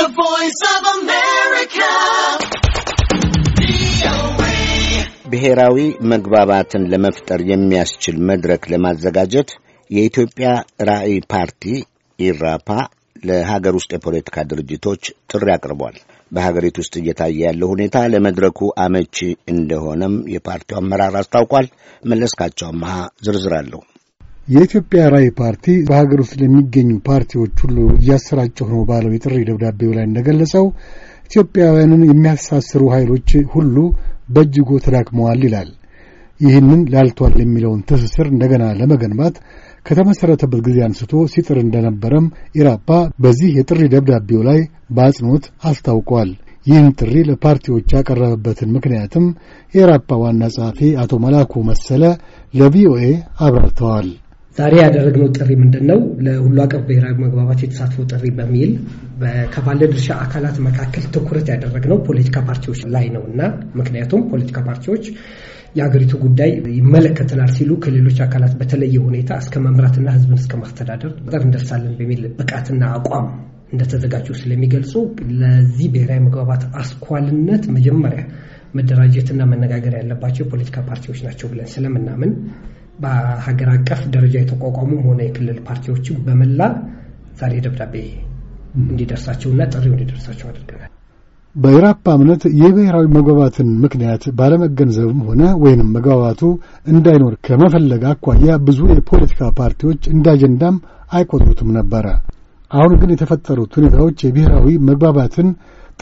The Voice of America. ብሔራዊ መግባባትን ለመፍጠር የሚያስችል መድረክ ለማዘጋጀት የኢትዮጵያ ራዕይ ፓርቲ ኢራፓ ለሀገር ውስጥ የፖለቲካ ድርጅቶች ጥሪ አቅርቧል። በሀገሪቱ ውስጥ እየታየ ያለው ሁኔታ ለመድረኩ አመቺ እንደሆነም የፓርቲው አመራር አስታውቋል። መለስካቸው አመሃ ዝርዝር አለሁ የኢትዮጵያ ራዕይ ፓርቲ በሀገር ውስጥ ለሚገኙ ፓርቲዎች ሁሉ እያሰራጨሁ ነው ባለው የጥሪ ደብዳቤው ላይ እንደገለጸው ኢትዮጵያውያንን የሚያሳስሩ ኃይሎች ሁሉ በእጅጉ ተዳክመዋል ይላል። ይህንን ላልቷል የሚለውን ትስስር እንደገና ለመገንባት ከተመሠረተበት ጊዜ አንስቶ ሲጥር እንደነበረም ኢራፓ በዚህ የጥሪ ደብዳቤው ላይ በአጽንኦት አስታውቋል። ይህን ጥሪ ለፓርቲዎች ያቀረበበትን ምክንያትም የኢራፓ ዋና ጸሐፊ አቶ መላኩ መሰለ ለቪኦኤ አብራርተዋል። ዛሬ ያደረግነው ጥሪ ምንድን ነው? ለሁሉ አቀፍ ብሔራዊ መግባባት የተሳትፎ ጥሪ በሚል ከባለ ድርሻ አካላት መካከል ትኩረት ያደረግነው ፖለቲካ ፓርቲዎች ላይ ነው እና ምክንያቱም ፖለቲካ ፓርቲዎች የሀገሪቱ ጉዳይ ይመለከተናል ሲሉ ከሌሎች አካላት በተለየ ሁኔታ እስከ መምራትና ሕዝብን እስከ ማስተዳደር ጠር እንደርሳለን በሚል ብቃትና አቋም እንደተዘጋጁ ስለሚገልጹ ለዚህ ብሔራዊ መግባባት አስኳልነት መጀመሪያ መደራጀትና መነጋገር ያለባቸው የፖለቲካ ፓርቲዎች ናቸው ብለን ስለምናምን በሀገር አቀፍ ደረጃ የተቋቋሙም ሆነ የክልል ፓርቲዎችም በመላ ዛሬ ደብዳቤ እንዲደርሳቸውና ጥሪው እንዲደርሳቸው አድርገናል። በኢራፓ እምነት የብሔራዊ መግባባትን ምክንያት ባለመገንዘብም ሆነ ወይንም መግባባቱ እንዳይኖር ከመፈለግ አኳያ ብዙ የፖለቲካ ፓርቲዎች እንደ አጀንዳም አይቆጥሩትም ነበረ። አሁን ግን የተፈጠሩት ሁኔታዎች የብሔራዊ መግባባትን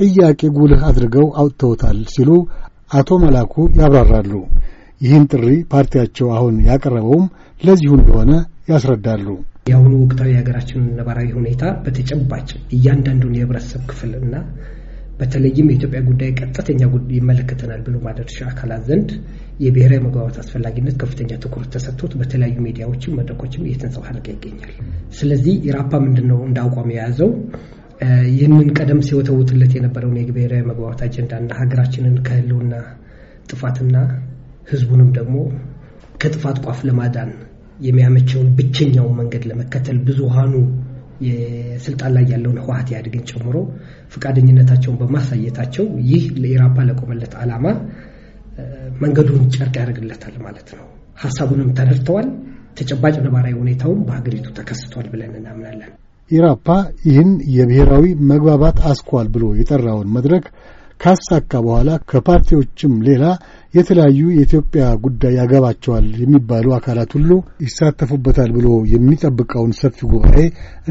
ጥያቄ ጉልህ አድርገው አውጥተውታል ሲሉ አቶ መላኩ ያብራራሉ። ይህን ጥሪ ፓርቲያቸው አሁን ያቀረበውም ለዚሁ እንደሆነ ያስረዳሉ። የአሁኑ ወቅታዊ የሀገራችን ነባራዊ ሁኔታ በተጨባጭ እያንዳንዱን የህብረተሰብ ክፍል እና በተለይም የኢትዮጵያ ጉዳይ ቀጥተኛ ይመለከተናል ብሎ ባለድርሻ አካላት ዘንድ የብሔራዊ መግባባት አስፈላጊነት ከፍተኛ ትኩረት ተሰጥቶት በተለያዩ ሚዲያዎችም መድረኮችም እየተንጸባረቀ ይገኛል። ስለዚህ ኢራፓ ምንድን ነው እንደ አቋም የያዘው ይህንን ቀደም ሲወተውትለት የነበረውን የብሔራዊ መግባባት አጀንዳና ሀገራችንን ከህልውና ጥፋትና ህዝቡንም ደግሞ ከጥፋት ቋፍ ለማዳን የሚያመቸውን ብቸኛውን መንገድ ለመከተል ብዙሃኑ የስልጣን ላይ ያለውን ህወሀት ኢህአዴግን ጨምሮ ፈቃደኝነታቸውን በማሳየታቸው ይህ ለኢራፓ ለቆመለት ዓላማ መንገዱን ጨርቅ ያደርግለታል ማለት ነው። ሀሳቡንም ተረድተዋል። ተጨባጭ ነባራዊ ሁኔታውም በሀገሪቱ ተከስቷል ብለን እናምናለን። ኢራፓ ይህን የብሔራዊ መግባባት አስኳል ብሎ የጠራውን መድረክ ካሳካ በኋላ ከፓርቲዎችም ሌላ የተለያዩ የኢትዮጵያ ጉዳይ ያገባቸዋል የሚባሉ አካላት ሁሉ ይሳተፉበታል ብሎ የሚጠብቀውን ሰፊ ጉባኤ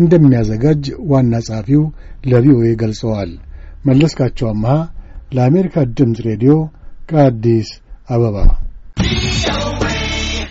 እንደሚያዘጋጅ ዋና ጸሐፊው ለቪኦኤ ገልጸዋል። መለስካቸው አምሃ ለአሜሪካ ድምፅ ሬዲዮ ከአዲስ አበባ